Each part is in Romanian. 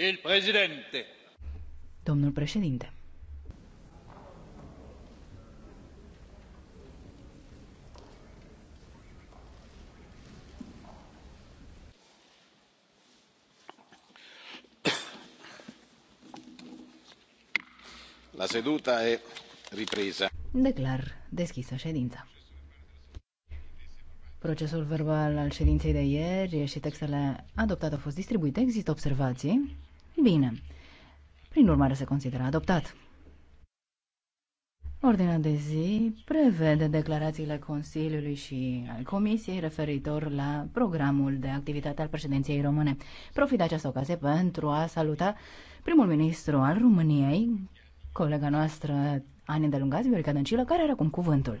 Il Domnul președinte. La seduta e ripresa. Declar deschisă ședința. Procesul verbal al ședinței de ieri și textele adoptate au fost distribuite. Există observații? Bine. Prin urmare se consideră adoptat. Ordinea de zi prevede declarațiile Consiliului și al Comisiei referitor la programul de activitate al președinției române. Profit de această ocazie pentru a saluta primul ministru al României, colega noastră Ani de Lungați, Viorica Dăncilă, care are acum cuvântul.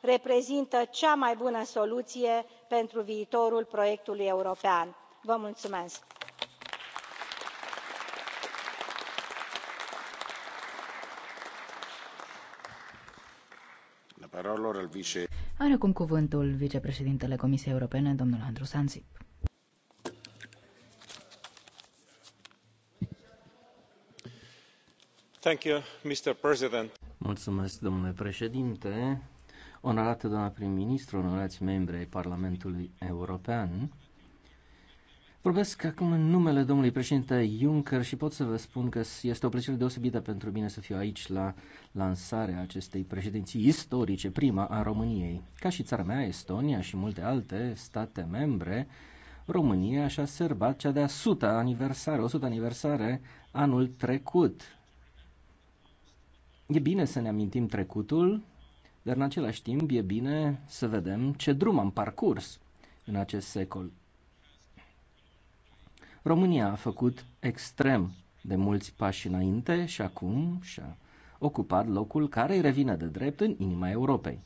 reprezintă cea mai bună soluție pentru viitorul proiectului european. vă mulțumesc. Are acum cuvântul vicepreședintele Comisiei Europene, domnul Andrus Ansip. Mulțumesc, domnule președinte Onorată doamna prim-ministru, onorați membri ai Parlamentului European, Vorbesc acum în numele domnului președinte Juncker și pot să vă spun că este o plăcere deosebită pentru mine să fiu aici la lansarea acestei președinții istorice, prima a României. Ca și țara mea, Estonia și multe alte state membre, România și-a sărbat cea de-a 100 aniversare, 100 aniversare anul trecut. E bine să ne amintim trecutul, dar în același timp e bine să vedem ce drum am parcurs în acest secol. România a făcut extrem de mulți pași înainte și acum și-a ocupat locul care îi revine de drept în inima Europei.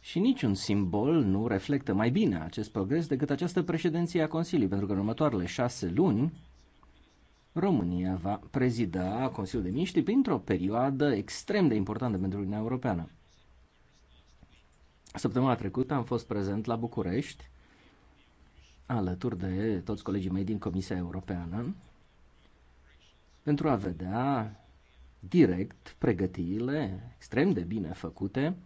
Și niciun simbol nu reflectă mai bine acest progres decât această președinție a Consiliului, pentru că în următoarele șase luni România va prezida Consiliul de Miniștri printr-o perioadă extrem de importantă pentru Uniunea Europeană. Săptămâna trecută am fost prezent la București, alături de toți colegii mei din Comisia Europeană, pentru a vedea direct pregătirile extrem de bine făcute,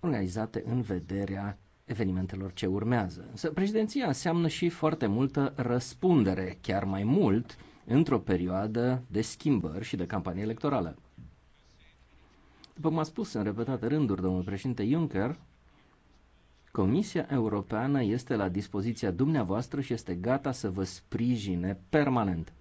organizate în vederea evenimentelor ce urmează. Însă președinția înseamnă și foarte multă răspundere, chiar mai mult într-o perioadă de schimbări și de campanie electorală. După cum a spus în repetate rânduri domnul președinte Juncker, Comisia Europeană este la dispoziția dumneavoastră și este gata să vă sprijine permanent.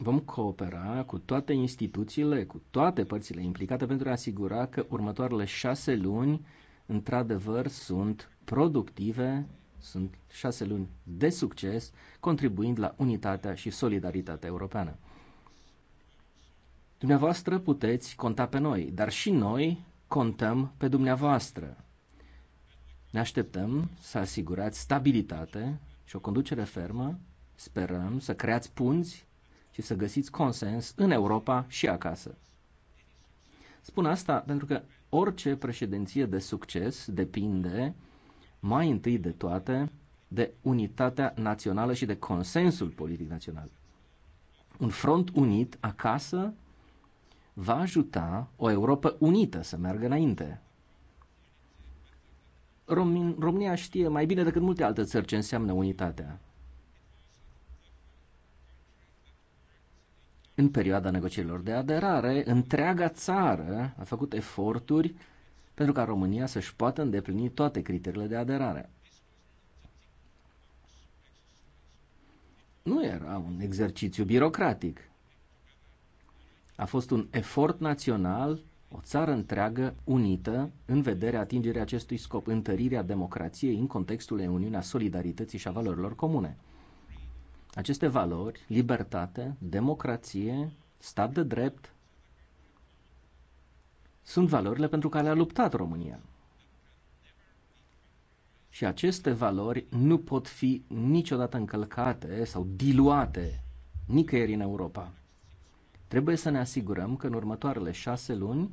Vom coopera cu toate instituțiile, cu toate părțile implicate pentru a asigura că următoarele șase luni, într-adevăr, sunt productive, sunt șase luni de succes, contribuind la unitatea și solidaritatea europeană. Dumneavoastră puteți conta pe noi, dar și noi contăm pe dumneavoastră. Ne așteptăm să asigurați stabilitate și o conducere fermă. Sperăm să creați punți și să găsiți consens în Europa și acasă. Spun asta pentru că orice președinție de succes depinde mai întâi de toate de unitatea națională și de consensul politic național. Un front unit acasă va ajuta o Europa unită să meargă înainte. România știe mai bine decât multe alte țări ce înseamnă unitatea. În perioada negocierilor de aderare, întreaga țară a făcut eforturi pentru ca România să-și poată îndeplini toate criteriile de aderare. Nu era un exercițiu birocratic. A fost un efort național, o țară întreagă unită în vederea atingerii acestui scop, întărirea democrației în contextul Uniunea Solidarității și a Valorilor Comune. Aceste valori, libertate, democrație, stat de drept, sunt valorile pentru care a luptat România. Și aceste valori nu pot fi niciodată încălcate sau diluate nicăieri în Europa. Trebuie să ne asigurăm că în următoarele șase luni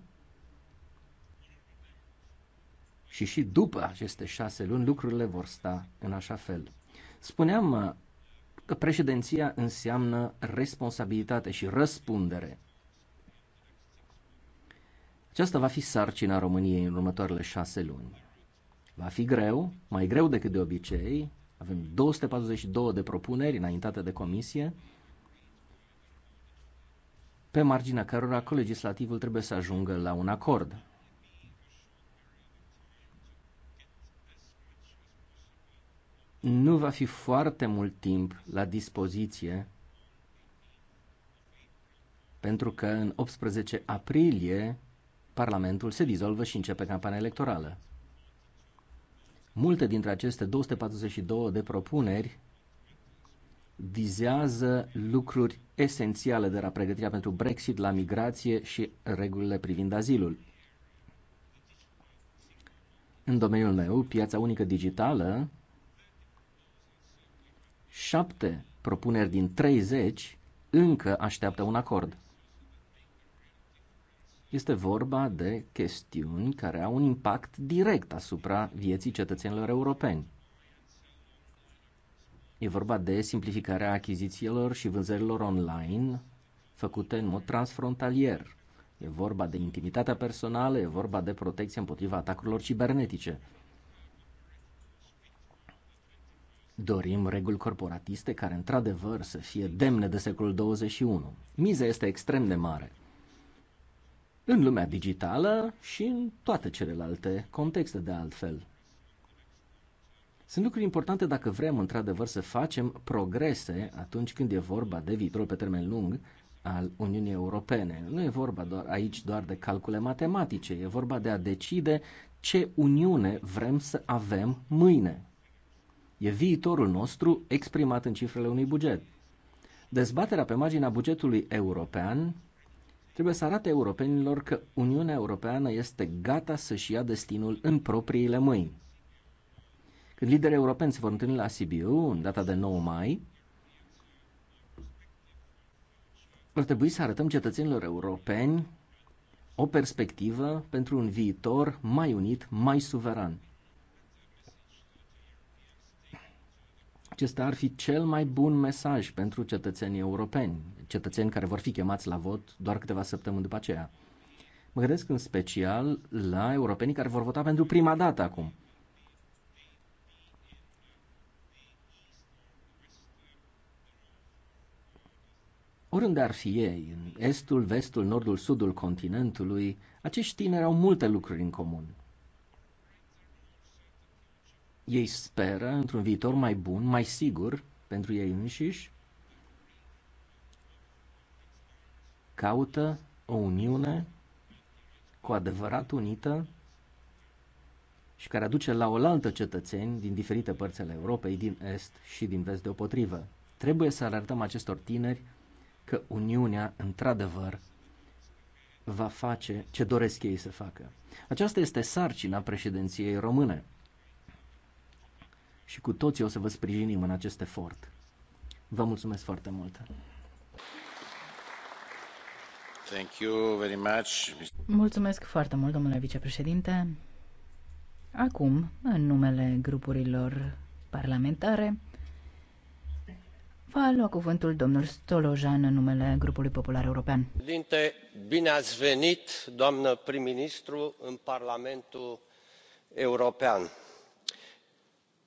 și și după aceste șase luni lucrurile vor sta în așa fel. Spuneam că președinția înseamnă responsabilitate și răspundere. Aceasta va fi sarcina României în următoarele șase luni. Va fi greu, mai greu decât de obicei. Avem 242 de propuneri înaintate de comisie, pe marginea cărora colegislativul trebuie să ajungă la un acord. nu va fi foarte mult timp la dispoziție pentru că în 18 aprilie Parlamentul se dizolvă și începe campania electorală. Multe dintre aceste 242 de propuneri vizează lucruri esențiale de la pregătirea pentru Brexit la migrație și regulile privind azilul. În domeniul meu, piața unică digitală Șapte propuneri din 30 încă așteaptă un acord. Este vorba de chestiuni care au un impact direct asupra vieții cetățenilor europeni. E vorba de simplificarea achizițiilor și vânzărilor online făcute în mod transfrontalier. E vorba de intimitatea personală, e vorba de protecție împotriva atacurilor cibernetice. Dorim reguli corporatiste care, într-adevăr, să fie demne de secolul 21. Miza este extrem de mare. În lumea digitală și în toate celelalte contexte, de altfel. Sunt lucruri importante dacă vrem, într-adevăr, să facem progrese atunci când e vorba de viitorul pe termen lung al Uniunii Europene. Nu e vorba doar aici doar de calcule matematice, e vorba de a decide ce Uniune vrem să avem mâine. E viitorul nostru exprimat în cifrele unui buget. Dezbaterea pe marginea bugetului european trebuie să arate europenilor că Uniunea Europeană este gata să-și ia destinul în propriile mâini. Când liderii europeni se vor întâlni la Sibiu, în data de 9 mai, ar trebui să arătăm cetățenilor europeni o perspectivă pentru un viitor mai unit, mai suveran. Acesta ar fi cel mai bun mesaj pentru cetățenii europeni, cetățeni care vor fi chemați la vot doar câteva săptămâni după aceea. Mă gândesc în special la europenii care vor vota pentru prima dată acum. Oriunde ar fi ei, în estul, vestul, nordul, sudul continentului, acești tineri au multe lucruri în comun. Ei speră într-un viitor mai bun, mai sigur pentru ei înșiși, caută o uniune cu adevărat unită și care aduce la oaltă cetățeni din diferite părți ale Europei, din Est și din Vest deopotrivă. Trebuie să alertăm acestor tineri că Uniunea, într-adevăr, va face ce doresc ei să facă. Aceasta este sarcina președinției române și cu toții o să vă sprijinim în acest efort. Vă mulțumesc foarte mult! Thank you very much. Mulțumesc foarte mult, domnule vicepreședinte. Acum, în numele grupurilor parlamentare, va lua cuvântul domnul Stolojan în numele grupului popular european. Dinte, bine ați venit, doamnă prim-ministru, în Parlamentul European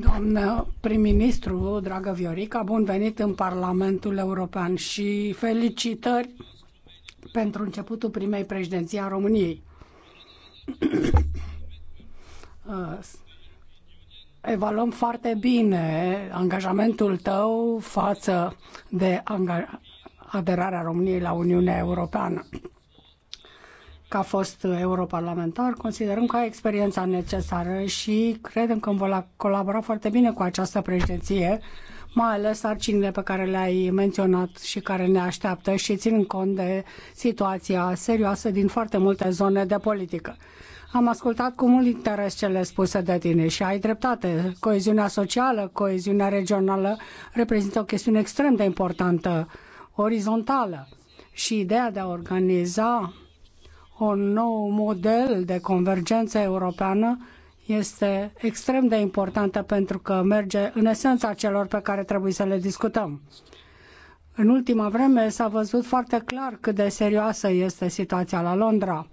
Doamnă prim-ministru, dragă Viorica, bun venit în Parlamentul European și felicitări pentru începutul primei președinții a României. Evaluăm foarte bine angajamentul tău față de aderarea României la Uniunea Europeană. ca fost europarlamentar, considerăm că ai experiența necesară și credem că va colabora foarte bine cu această președinție, mai ales sarcinile pe care le-ai menționat și care ne așteaptă și ținând cont de situația serioasă din foarte multe zone de politică. Am ascultat cu mult interes cele spuse de tine și ai dreptate. Coeziunea socială, coeziunea regională reprezintă o chestiune extrem de importantă, orizontală. Și ideea de a organiza un nou model de convergență europeană este extrem de importantă pentru că merge în esența celor pe care trebuie să le discutăm. În ultima vreme s-a văzut foarte clar cât de serioasă este situația la Londra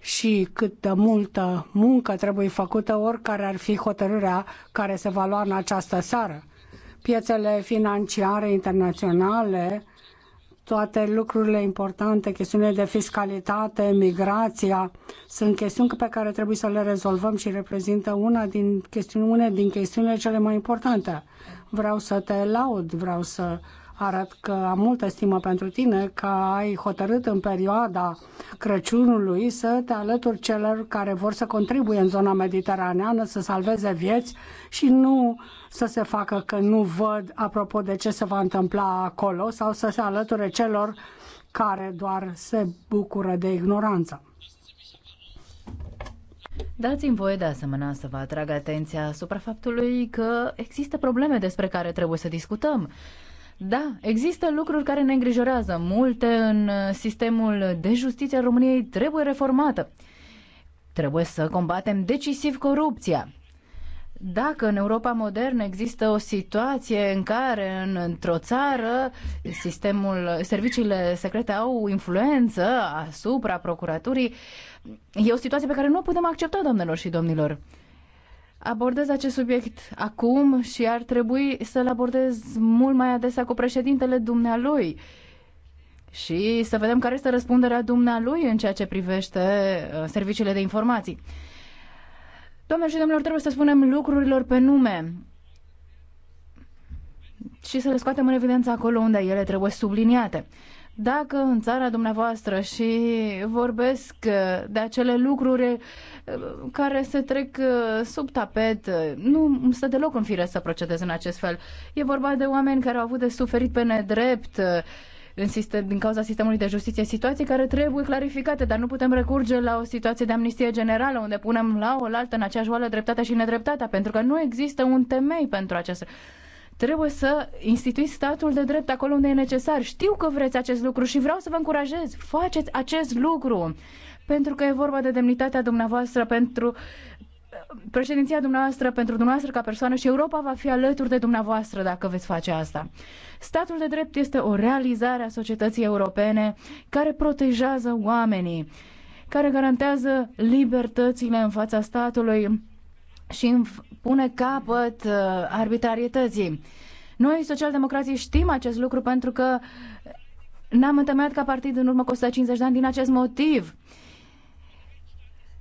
și cât de multă muncă trebuie făcută oricare ar fi hotărârea care se va lua în această seară. Piețele financiare internaționale toate lucrurile importante, chestiunile de fiscalitate, migrația, sunt chestiuni pe care trebuie să le rezolvăm și reprezintă una din chestiuni, une din chestiunile cele mai importante. Vreau să te laud, vreau să arăt că am multă stimă pentru tine că ai hotărât în perioada Crăciunului să te alături celor care vor să contribuie în zona mediteraneană, să salveze vieți și nu să se facă că nu văd apropo de ce se va întâmpla acolo sau să se alăture celor care doar se bucură de ignoranță. Dați-mi voie de asemenea să vă atrag atenția asupra faptului că există probleme despre care trebuie să discutăm. Da, există lucruri care ne îngrijorează. Multe în uh, sistemul de justiție al României trebuie reformată. Trebuie să combatem decisiv corupția. Dacă în Europa modernă există o situație în care în, într-o țară sistemul, serviciile secrete au influență asupra procuraturii, e o situație pe care nu o putem accepta, doamnelor și domnilor. Abordez acest subiect acum și ar trebui să-l abordez mult mai adesea cu președintele dumnealui și să vedem care este răspunderea dumnealui în ceea ce privește uh, serviciile de informații. Doamnelor și domnilor, trebuie să spunem lucrurilor pe nume și să le scoatem în evidență acolo unde ele trebuie subliniate. Dacă în țara dumneavoastră și vorbesc uh, de acele lucruri care se trec uh, sub tapet. Nu stă deloc în fire să procedeze în acest fel. E vorba de oameni care au avut de suferit pe nedrept uh, în sistem, din cauza sistemului de justiție, situații care trebuie clarificate, dar nu putem recurge la o situație de amnistie generală, unde punem la altă în aceeași oală dreptatea și nedreptatea, pentru că nu există un temei pentru acest trebuie să instituiți statul de drept acolo unde e necesar. Știu că vreți acest lucru și vreau să vă încurajez. Faceți acest lucru pentru că e vorba de demnitatea dumneavoastră pentru președinția dumneavoastră pentru dumneavoastră ca persoană și Europa va fi alături de dumneavoastră dacă veți face asta. Statul de drept este o realizare a societății europene care protejează oamenii, care garantează libertățile în fața statului și pune capăt uh, arbitrarietății. Noi, socialdemocrații, știm acest lucru pentru că ne-am întemeiat ca partid în urmă cu 150 de ani din acest motiv.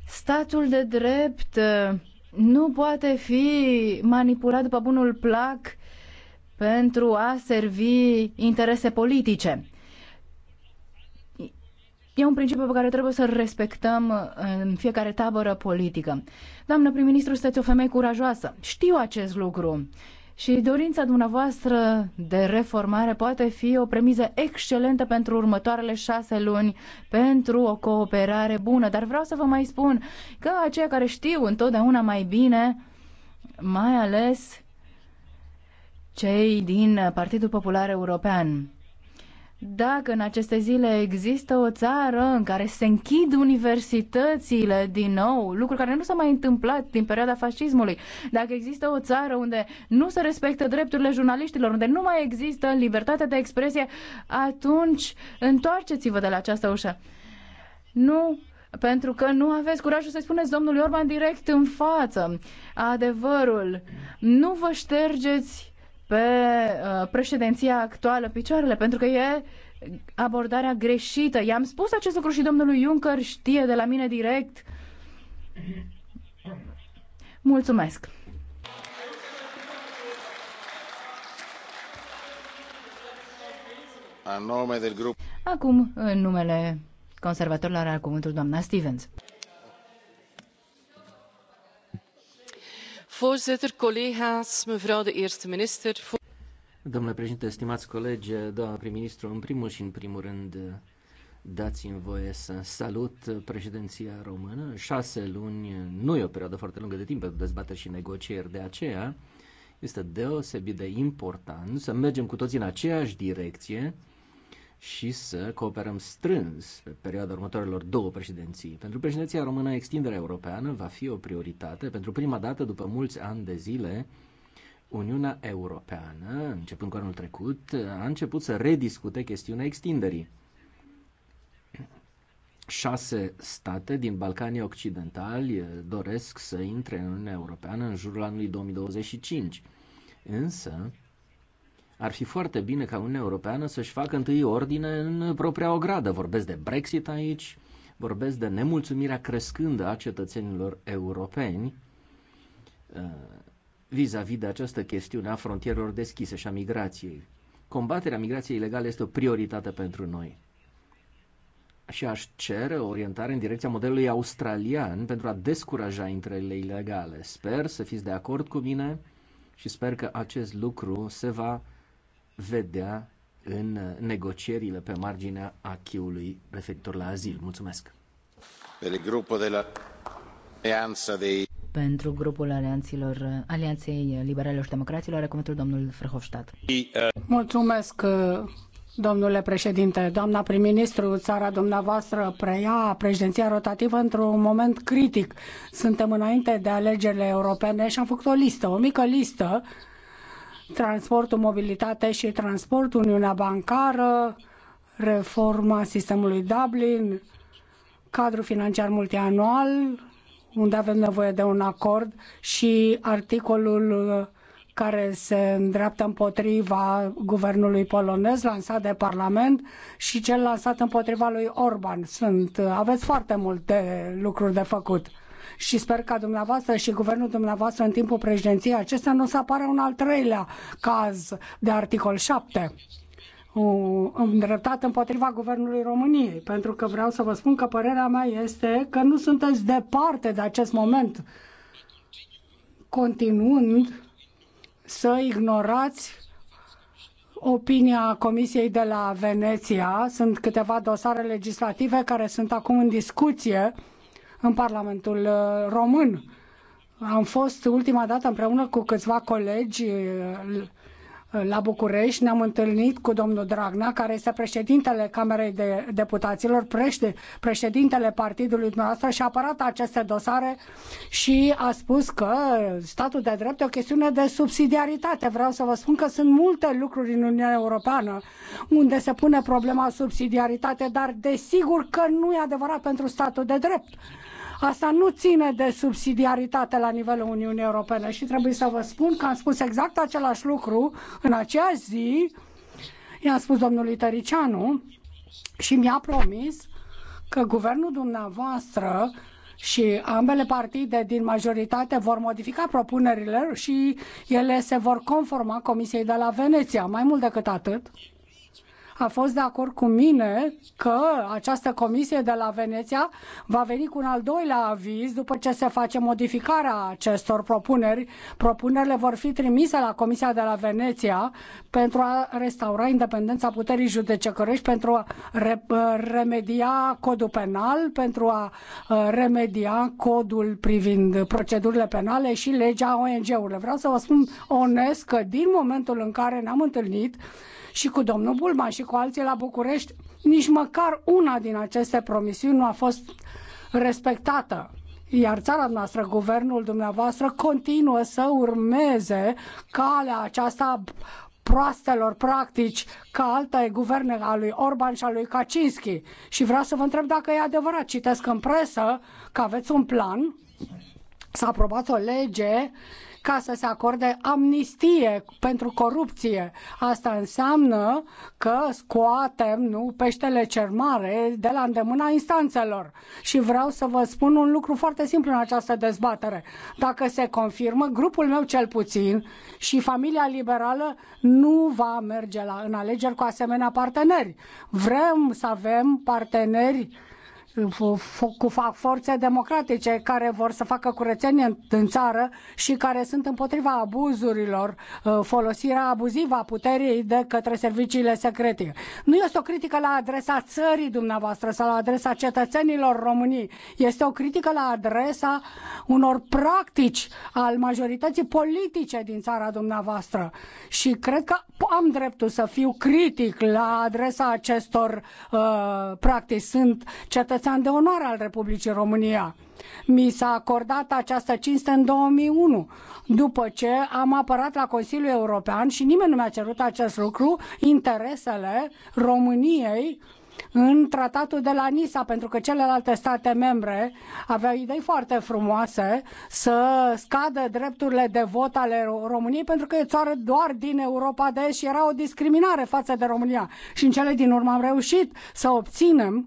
Statul de drept uh, nu poate fi manipulat după bunul plac pentru a servi interese politice. E un principiu pe care trebuie să-l respectăm în fiecare tabără politică. Doamnă prim-ministru, sunteți o femeie curajoasă. Știu acest lucru. Și dorința dumneavoastră de reformare poate fi o premiză excelentă pentru următoarele șase luni, pentru o cooperare bună. Dar vreau să vă mai spun că aceia care știu întotdeauna mai bine, mai ales cei din Partidul Popular European, dacă în aceste zile există o țară în care se închid universitățile din nou, lucruri care nu s-a mai întâmplat din perioada fascismului, dacă există o țară unde nu se respectă drepturile jurnaliștilor, unde nu mai există libertatea de expresie, atunci întoarceți-vă de la această ușă. Nu pentru că nu aveți curajul să-i spuneți domnului Orban direct în față adevărul. Nu vă ștergeți pe uh, președinția actuală picioarele, pentru că e abordarea greșită. I-am spus acest lucru și domnului Juncker știe de la mine direct. Mulțumesc! Acum, în numele conservatorilor, are cuvântul doamna Stevens. Voorzitter, collega's, mevrouw de eerste minister. Domnule președinte, stimați colegi, doamna prim-ministru, în primul și în primul rând dați-mi voie să salut președinția română. Șase luni nu e o perioadă foarte lungă de timp pentru dezbateri și negocieri, de aceea este deosebit de important să mergem cu toții în aceeași direcție și să cooperăm strâns pe perioada următoarelor două președinții. Pentru președinția română, extinderea europeană va fi o prioritate. Pentru prima dată, după mulți ani de zile, Uniunea Europeană, începând cu anul trecut, a început să rediscute chestiunea extinderii. Șase state din Balcanii Occidentali doresc să intre în Uniunea Europeană în jurul anului 2025. Însă, ar fi foarte bine ca Uniunea Europeană să-și facă întâi ordine în propria ogradă. Vorbesc de Brexit aici, vorbesc de nemulțumirea crescândă a cetățenilor europeni uh, vis-a-vis -vis de această chestiune a frontierelor deschise și a migrației. Combaterea migrației ilegale este o prioritate pentru noi. Și aș cere o orientare în direcția modelului australian pentru a descuraja intrările ilegale. Sper să fiți de acord cu mine și sper că acest lucru se va vedea în uh, negocierile pe marginea achiului referitor la azil. Mulțumesc! Pentru grupul alianților, Alianței Liberalilor și Democraților, are cuvântul domnul Frăhofstadt. Uh, Mulțumesc, uh, domnule președinte. Doamna prim-ministru, țara dumneavoastră preia președinția rotativă într-un moment critic. Suntem înainte de alegerile europene și am făcut o listă, o mică listă, transportul, mobilitate și transport, Uniunea Bancară, reforma sistemului Dublin, cadrul financiar multianual, unde avem nevoie de un acord și articolul care se îndreaptă împotriva guvernului polonez lansat de Parlament și cel lansat împotriva lui Orban. Sunt, aveți foarte multe lucruri de făcut și sper ca dumneavoastră și guvernul dumneavoastră în timpul președinției acestea nu o să apară un al treilea caz de articol 7 îndreptat împotriva guvernului României, pentru că vreau să vă spun că părerea mea este că nu sunteți departe de acest moment, continuând să ignorați opinia Comisiei de la Veneția. Sunt câteva dosare legislative care sunt acum în discuție în Parlamentul uh, Român. Am fost ultima dată împreună cu câțiva colegi uh, la București, ne-am întâlnit cu domnul Dragnea, care este președintele Camerei de Deputaților, prește, președintele partidului dumneavoastră și a apărat aceste dosare și a spus că statul de drept e o chestiune de subsidiaritate. Vreau să vă spun că sunt multe lucruri în Uniunea Europeană unde se pune problema subsidiaritate, dar desigur că nu e adevărat pentru statul de drept Asta nu ține de subsidiaritate la nivelul Uniunii Europene și trebuie să vă spun că am spus exact același lucru în acea zi, i-am spus domnului Tăricianu și mi-a promis că guvernul dumneavoastră și ambele partide din majoritate vor modifica propunerile și ele se vor conforma Comisiei de la Veneția. Mai mult decât atât, a fost de acord cu mine că această comisie de la Veneția va veni cu un al doilea aviz după ce se face modificarea acestor propuneri. Propunerile vor fi trimise la Comisia de la Veneția pentru a restaura independența puterii judecătorești, pentru a uh, remedia codul penal, pentru a uh, remedia codul privind procedurile penale și legea ONG-urilor. Vreau să vă spun onest că din momentul în care ne-am întâlnit, și cu domnul Bulman și cu alții la București, nici măcar una din aceste promisiuni nu a fost respectată. Iar țara noastră, guvernul dumneavoastră, continuă să urmeze calea aceasta proastelor practici ca alte guverne a lui Orban și a lui Kaczynski. Și vreau să vă întreb dacă e adevărat. Citesc în presă că aveți un plan să aprobați o lege ca să se acorde amnistie pentru corupție. Asta înseamnă că scoatem nu, peștele cer mare de la îndemâna instanțelor. Și vreau să vă spun un lucru foarte simplu în această dezbatere. Dacă se confirmă, grupul meu cel puțin și familia liberală nu va merge la, în alegeri cu asemenea parteneri. Vrem să avem parteneri cu forțe democratice care vor să facă curățenie în, țară și care sunt împotriva abuzurilor, uh, folosirea abuzivă a puterii de către serviciile secrete. Nu este o critică la adresa țării dumneavoastră sau la adresa cetățenilor românii. Este o critică la adresa unor practici al majorității politice din țara dumneavoastră. Și cred că am dreptul să fiu critic la adresa acestor uh, practici. Sunt cetățeni cetățean de onoare al Republicii România. Mi s-a acordat această cinste în 2001, după ce am apărat la Consiliul European și nimeni nu mi-a cerut acest lucru, interesele României în tratatul de la Nisa, pentru că celelalte state membre aveau idei foarte frumoase să scadă drepturile de vot ale României, pentru că e țară doar din Europa de Est și era o discriminare față de România. Și în cele din urmă am reușit să obținem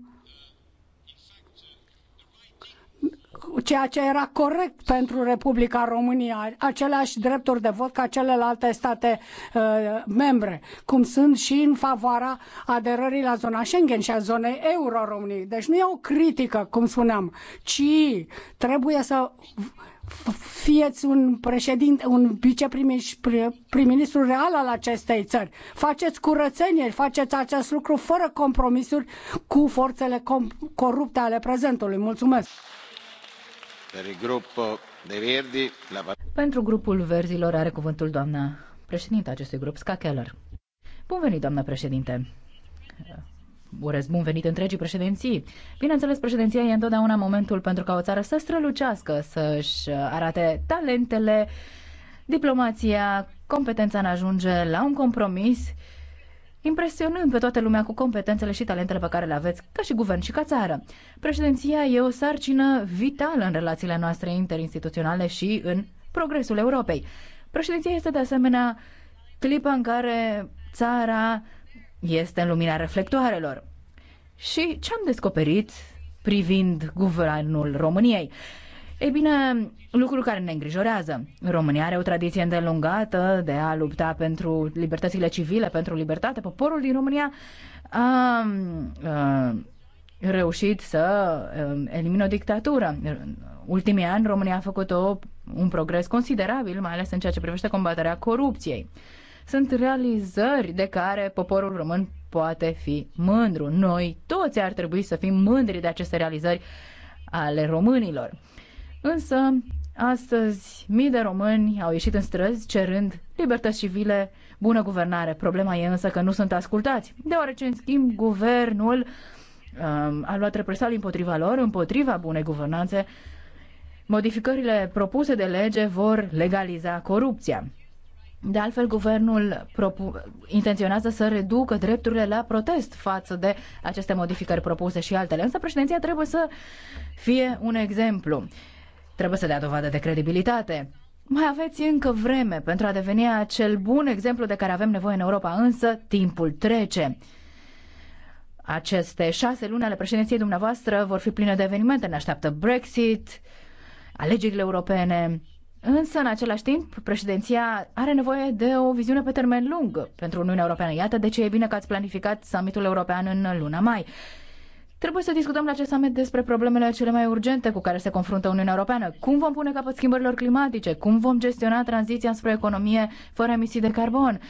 ceea ce era corect pentru Republica România, aceleași drepturi de vot ca celelalte state uh, membre, cum sunt și în favoarea aderării la zona Schengen și a zonei euro României. Deci nu e o critică, cum spuneam, ci trebuie să fieți un președinte, un viceprim-ministru real al acestei țări. Faceți curățenie, faceți acest lucru fără compromisuri cu forțele corupte ale prezentului. Mulțumesc! Pentru grupul verzilor are cuvântul doamna președintă acestui grup, Ska Keller. Bun venit, doamna președinte! Urez bun venit întregii președinții. Bineînțeles, președinția e întotdeauna momentul pentru ca o țară să strălucească, să-și arate talentele, diplomația, competența în ajunge la un compromis impresionând pe toată lumea cu competențele și talentele pe care le aveți, ca și guvern și ca țară. Președinția e o sarcină vitală în relațiile noastre interinstituționale și în progresul Europei. Președinția este de asemenea clipa în care țara este în lumina reflectoarelor. Și ce am descoperit privind guvernul României? Ei bine, lucruri care ne îngrijorează. România are o tradiție îndelungată de a lupta pentru libertățile civile, pentru libertate. Poporul din România a, a reușit să elimine o dictatură. ultimii ani, România a făcut o, un progres considerabil, mai ales în ceea ce privește combaterea corupției. Sunt realizări de care poporul român poate fi mândru. Noi toți ar trebui să fim mândri de aceste realizări ale românilor. Însă, astăzi, mii de români au ieșit în străzi cerând libertăți civile, bună guvernare. Problema e însă că nu sunt ascultați, deoarece, în schimb, guvernul um, a luat represalii împotriva lor, împotriva bunei guvernanțe. Modificările propuse de lege vor legaliza corupția. De altfel, guvernul intenționează să reducă drepturile la protest față de aceste modificări propuse și altele. Însă președinția trebuie să fie un exemplu. Trebuie să dea dovadă de credibilitate. Mai aveți încă vreme pentru a deveni acel bun exemplu de care avem nevoie în Europa, însă timpul trece. Aceste șase luni ale președinției dumneavoastră vor fi pline de evenimente. Ne așteaptă Brexit, alegerile europene. Însă, în același timp, președinția are nevoie de o viziune pe termen lung pentru Uniunea Europeană. Iată de ce e bine că ați planificat summitul european în luna mai. Trebuie să discutăm la acest summit despre problemele cele mai urgente cu care se confruntă Uniunea Europeană. Cum vom pune capăt schimbărilor climatice? Cum vom gestiona tranziția spre economie fără emisii de carbon?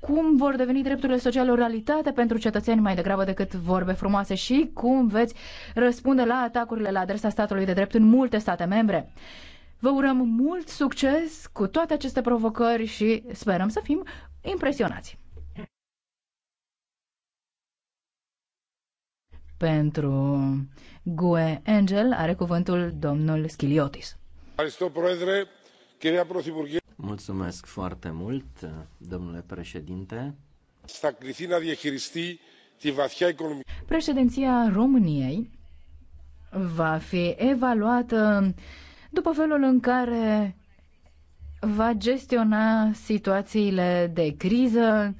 cum vor deveni drepturile sociale o realitate pentru cetățeni mai degrabă decât vorbe frumoase și cum veți răspunde la atacurile la adresa statului de drept în multe state membre. Vă urăm mult succes cu toate aceste provocări și sperăm să fim impresionați. Pentru GUE Angel are cuvântul domnul Schiliotis. Mulțumesc foarte mult, domnule președinte. Președinția României va fi evaluată după felul în care va gestiona situațiile de criză,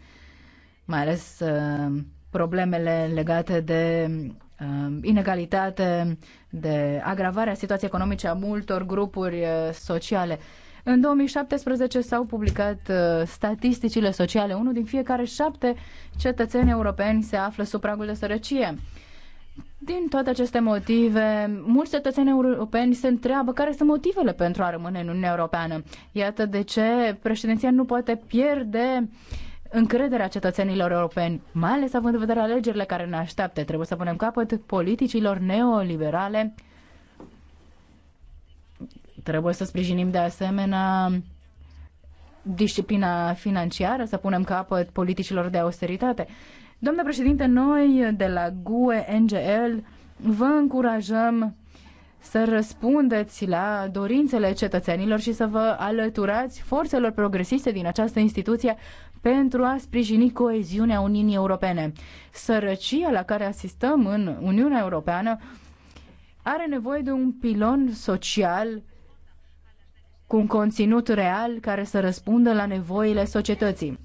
mai ales uh, problemele legate de um, inegalitate, de agravarea situației economice a multor grupuri uh, sociale. În 2017 s-au publicat uh, statisticile sociale. Unul din fiecare șapte cetățeni europeni se află sub pragul de sărăcie. Din toate aceste motive, mulți cetățeni europeni se întreabă care sunt motivele pentru a rămâne în Uniunea Europeană. Iată de ce președinția nu poate pierde uh, încrederea cetățenilor europeni, mai ales având în vedere alegerile care ne așteaptă. Trebuie să punem capăt politicilor neoliberale. Trebuie să sprijinim de asemenea disciplina financiară, să punem capăt politicilor de austeritate. Domnule președinte, noi de la GUE NGL vă încurajăm să răspundeți la dorințele cetățenilor și să vă alăturați forțelor progresiste din această instituție pentru a sprijini coeziunea Uniunii Europene. Sărăcia la care asistăm în Uniunea Europeană are nevoie de un pilon social cu un conținut real care să răspundă la nevoile societății.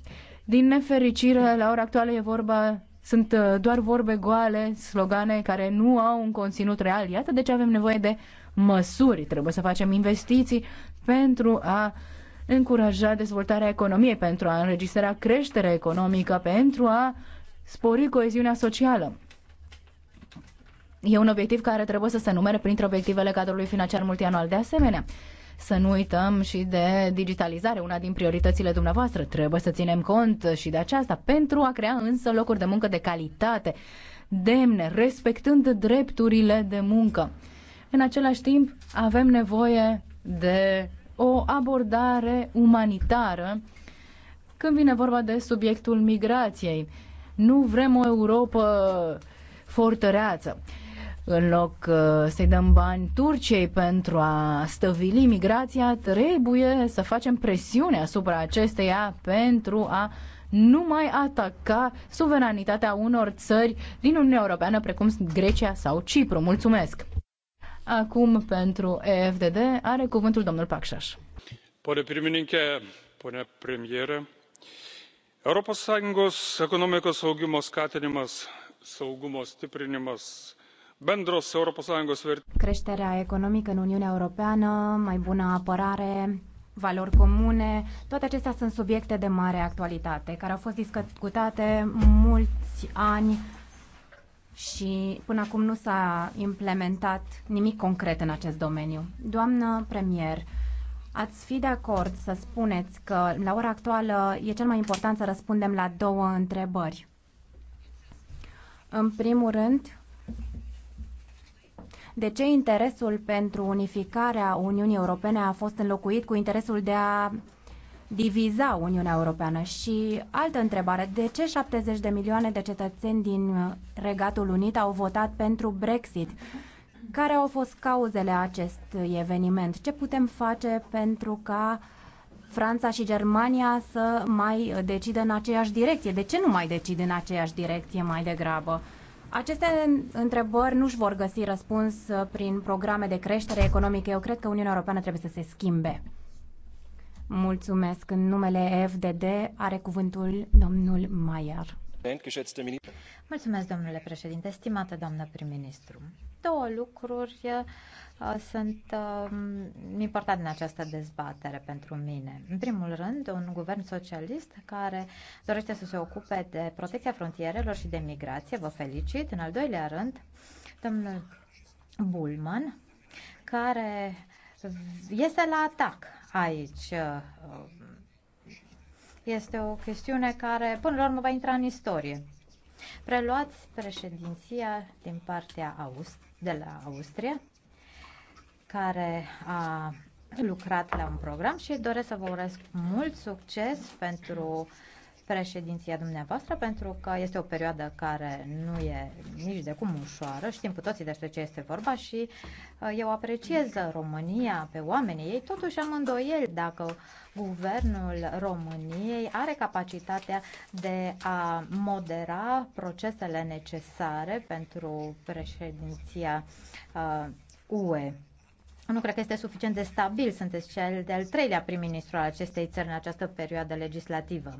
Din nefericire, la ora actuală e vorba sunt uh, doar vorbe goale, slogane care nu au un conținut real. Iată de ce avem nevoie de măsuri. Trebuie să facem investiții pentru a uh, încuraja dezvoltarea economiei, pentru a înregistra creșterea economică, pentru a spori coeziunea socială. E un obiectiv care trebuie să se numere printre obiectivele cadrului financiar multianual. De asemenea, să nu uităm și de digitalizare, una din prioritățile dumneavoastră. Trebuie să ținem cont și de aceasta pentru a crea însă locuri de muncă de calitate, demne, respectând drepturile de muncă. În același timp, avem nevoie de o abordare umanitară când vine vorba de subiectul migrației. Nu vrem o Europa fortăreață. În loc uh, să-i dăm bani Turciei pentru a stăvili migrația, trebuie să facem presiune asupra acesteia pentru a nu mai ataca suveranitatea unor țări din Uniunea Europeană, precum Grecia sau Cipru. Mulțumesc! Acum, pentru EFDD, are cuvântul domnul Pacșaș. Pone pirmininke, pone premjeră, Europos Sąjungos ekonomikos augimo skatinimas, saugumo stiprinimas, bendros Europos Sąjungos vertybės. Creșterea economică în Uniunea Europeană, mai bună apărare, valori comune, toate acestea sunt subiecte de mare actualitate, care au fost discutate mulți ani și până acum nu s-a implementat nimic concret în acest domeniu. Doamnă premier, ați fi de acord să spuneți că la ora actuală e cel mai important să răspundem la două întrebări. În primul rând, de ce interesul pentru unificarea Uniunii Europene a fost înlocuit cu interesul de a diviza Uniunea Europeană. Și altă întrebare, de ce 70 de milioane de cetățeni din Regatul Unit au votat pentru Brexit? Care au fost cauzele acestui eveniment? Ce putem face pentru ca Franța și Germania să mai decidă în aceeași direcție? De ce nu mai decid în aceeași direcție mai degrabă? Aceste întrebări nu își vor găsi răspuns prin programe de creștere economică. Eu cred că Uniunea Europeană trebuie să se schimbe. Mulțumesc. În numele FDD are cuvântul domnul Maier. Mulțumesc, domnule președinte, stimată doamnă prim-ministru. Două lucruri uh, sunt uh, um, importante în această dezbatere pentru mine. În primul rând, un guvern socialist care dorește să se ocupe de protecția frontierelor și de migrație. Vă felicit. În al doilea rând, domnul Bulman, care este la atac aici. Uh, um, este o chestiune care, până la urmă, va intra în istorie. Preluați președinția din partea Aust- de la Austria, care a lucrat la un program și doresc să vă urez mult succes pentru uh, președinția dumneavoastră pentru că este o perioadă care nu e nici de cum ușoară. Știm cu toții despre ce este vorba și uh, eu apreciez România pe oamenii ei. Totuși am îndoiel dacă guvernul României are capacitatea de a modera procesele necesare pentru președinția UE. Uh, nu cred că este suficient de stabil. Sunteți cel de-al treilea prim-ministru al acestei țări în această perioadă legislativă.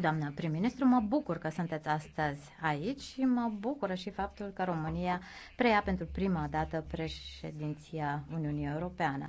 Doamna prim-ministru, mă bucur că sunteți astăzi aici și mă bucură și faptul că România preia pentru prima dată președinția Uniunii Europeană.